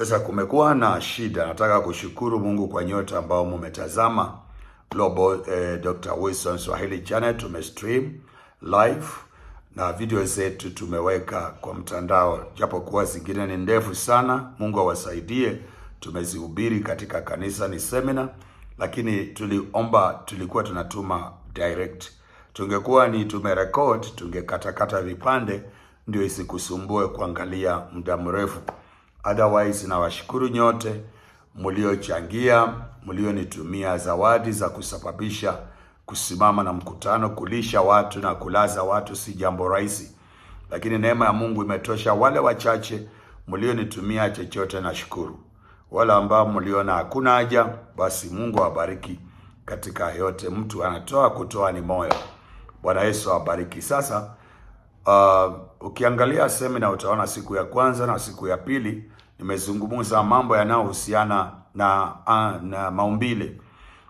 Sasa kumekuwa na shida. Nataka kushukuru Mungu kwa nyote ambao mumetazama Global eh, Dr. Wilson Swahili channel. Tumestream live na video zetu tumeweka kwa mtandao, japokuwa zingine ni ndefu sana. Mungu awasaidie. Tumezihubiri katika kanisa, ni seminar, lakini tuliomba, tulikuwa tunatuma direct. Tungekuwa ni tumerekod, tungekatakata vipande ndio isikusumbue kuangalia muda mrefu. Otherwise, nawashukuru nyote mliochangia, mlionitumia zawadi za kusababisha kusimama na mkutano. Kulisha watu na kulaza watu si jambo rahisi, lakini neema ya Mungu imetosha. Wale wachache mlionitumia chochote, nashukuru. Wale ambao mliona hakuna haja, basi Mungu awabariki katika yote. Mtu anatoa, kutoa ni moyo. Bwana Yesu awabariki. Sasa uh, ukiangalia semina utaona siku ya kwanza na siku ya pili nimezungumza mambo yanayohusiana na, na maumbile.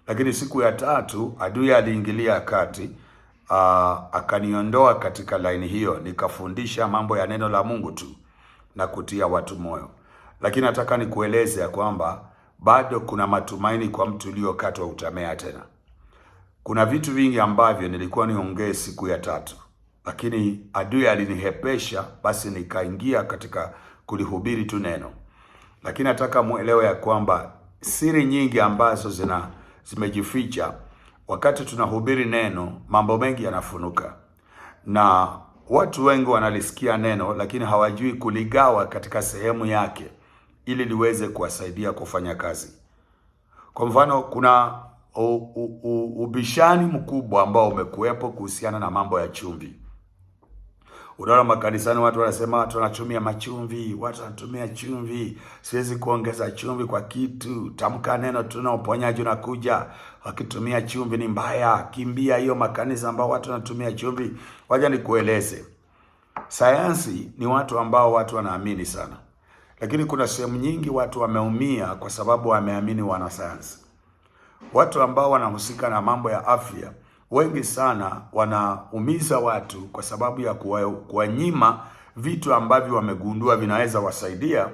Lakini siku ya tatu adui aliingilia kati uh, akaniondoa katika laini hiyo, nikafundisha mambo ya neno la Mungu tu na kutia watu moyo. Lakini nataka nikueleze ya kwamba bado kuna matumaini kwa mtu uliokatwa utamea tena. Kuna vitu vingi ambavyo nilikuwa niongee siku ya tatu, lakini adui alinihepesha, basi nikaingia katika kulihubiri tu neno, lakini nataka muelewe ya kwamba siri nyingi ambazo zina zimejificha wakati tunahubiri neno, mambo mengi yanafunuka, na watu wengi wanalisikia neno, lakini hawajui kuligawa katika sehemu yake ili liweze kuwasaidia kufanya kazi. Kwa mfano, kuna u, u, u, ubishani mkubwa ambao umekuwepo kuhusiana na mambo ya chumvi. Unaona makanisani watu wanasema wanatumia machumvi, watu wanatumia chumvi. Siwezi kuongeza chumvi kwa kitu. Tamka neno, tuna uponyaji unakuja. Wakitumia chumvi ni mbaya, kimbia hiyo makanisa ambao watu wanatumia chumvi. ni nikueleze, sayansi ni watu ambao watu wanaamini sana, lakini kuna sehemu nyingi watu wameumia kwa sababu wameamini wanasayansi. Watu ambao wanahusika na mambo ya afya wengi sana wanaumiza watu kwa sababu ya kuwanyima vitu ambavyo wamegundua vinaweza wasaidia,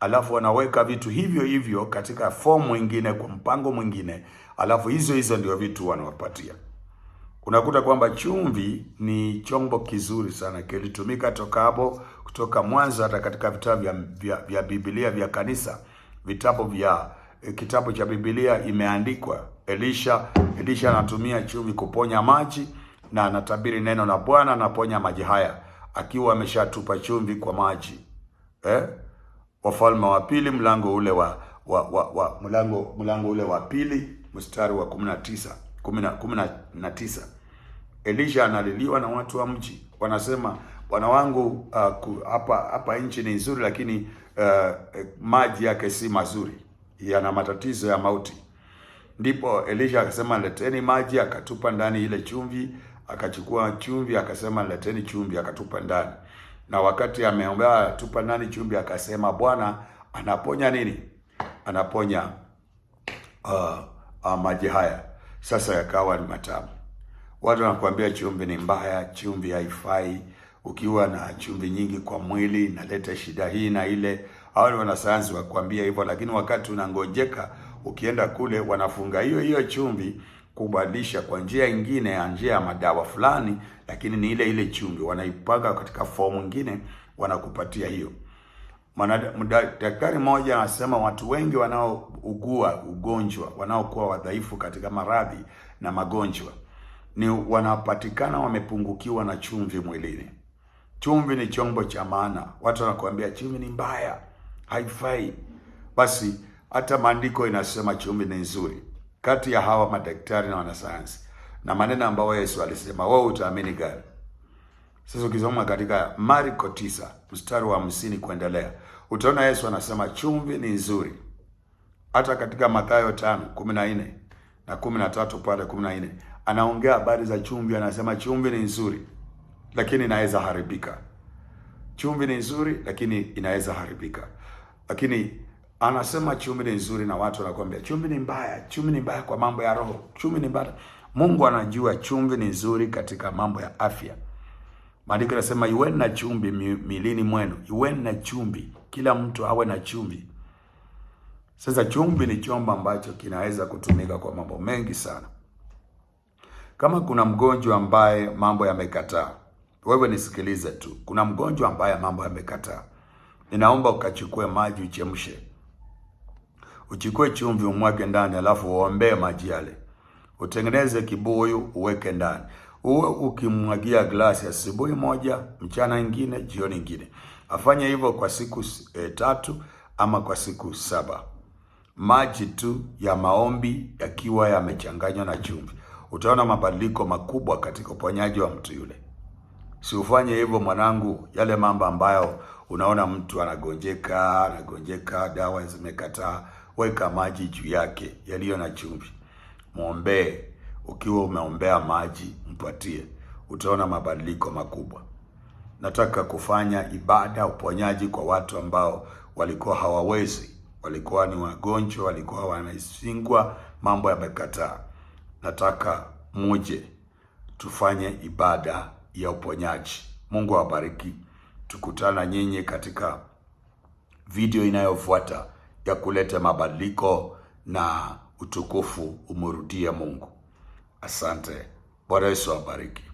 alafu wanaweka vitu hivyo hivyo katika fomu mwingine kwa mpango mwingine, alafu hizo hizo ndio vitu wanawapatia. Unakuta kwamba chumvi ni chombo kizuri sana, kilitumika toka hapo kutoka mwanzo hata katika vitabu vya, vya, vya Biblia vya kanisa, vitabu vya kitabu cha Biblia imeandikwa, Elisha Elisha anatumia chumvi kuponya maji, na anatabiri neno la Bwana anaponya maji haya akiwa ameshatupa chumvi kwa maji eh? Wafalme wa pili mlango ule wa, wa, wa, wa mlango mlango ule wa pili mstari wa 19 19 Elisha analiliwa na watu wa mji, wanasema bwana wangu uh, hapa uh, hapa nchi ni nzuri, lakini uh, eh, maji yake si mazuri yana matatizo ya mauti. Ndipo Elisha akasema leteni maji, akatupa ndani ile chumvi. Akachukua chumvi akasema leteni chumvi, akatupa ndani. Na wakati ameombea tupa ndani chumvi, akasema Bwana anaponya nini? Anaponya uh, uh, maji haya sasa yakawa ni matamu. Watu wanakuambia chumvi ni mbaya, chumvi haifai, ukiwa na chumvi nyingi kwa mwili inaleta shida hii na ile. Hawa ni wanasayansi wakuambia hivyo, lakini wakati unangojeka, ukienda kule wanafunga hiyo hiyo chumvi kubadilisha kwa njia nyingine ya njia ya madawa fulani, lakini ni ile ile chumvi wanaipaka katika fomu nyingine, wanakupatia hiyo. Daktari mmoja anasema watu wengi wanaougua ugonjwa, wanaokuwa wadhaifu katika maradhi na magonjwa, ni wanapatikana wamepungukiwa na chumvi mwilini. Chumvi ni chombo cha maana. Watu wanakuambia chumvi ni mbaya haifai. Basi hata maandiko inasema chumvi ni nzuri kati ya hawa madaktari na wanasayansi, na maneno ambayo Yesu alisema wewe utaamini gani? Sasa ukisoma katika Marko tisa mstari wa hamsini kuendelea utaona Yesu anasema chumvi ni nzuri. Hata katika Mathayo 5:14 na 13 pale 14 anaongea habari za chumvi, anasema chumvi ni nzuri, lakini inaweza haribika. Chumvi ni nzuri, lakini inaweza haribika. Lakini anasema chumi ni nzuri na watu wanakuambia chumi ni mbaya, chumi ni mbaya kwa mambo ya roho, chumi ni mbaya. Mungu anajua chumvi ni nzuri katika mambo ya afya. Maandiko yanasema iweni na chumvi milini mwenu, iweni na chumvi, kila mtu awe na chumvi. Sasa chumvi ni chombo ambacho kinaweza kutumika kwa mambo mengi sana. Kama kuna mgonjwa ambaye mambo yamekataa, wewe nisikilize tu. Kuna mgonjwa ambaye mambo yamekataa, ninaomba ukachukue maji uchemshe, uchukue chumvi umwage ndani, alafu uombee maji yale, utengeneze kibuyu uweke ndani, uwe ukimwagia glasi asubuhi moja, mchana ingine, jioni ingine. Afanye hivyo kwa siku e, tatu ama kwa siku saba, maji tu ya maombi yakiwa yamechanganywa na chumvi. Utaona mabadiliko makubwa katika uponyaji wa mtu yule. Siufanye hivyo mwanangu, yale mambo ambayo unaona mtu anagonjeka anagonjeka, dawa zimekataa, weka maji juu yake yaliyo na chumvi, mwombee. Ukiwa umeombea maji, mpatie, utaona mabadiliko makubwa. Nataka kufanya ibada uponyaji kwa watu ambao walikuwa hawawezi, walikuwa ni wagonjwa, walikuwa wanasingwa, mambo yamekataa. Nataka muje tufanye ibada ya uponyaji. Mungu awabariki. Tukutana nyinyi katika video inayofuata ya kuleta mabadiliko na utukufu umurudie Mungu. Asante. Bwana Yesu awabariki.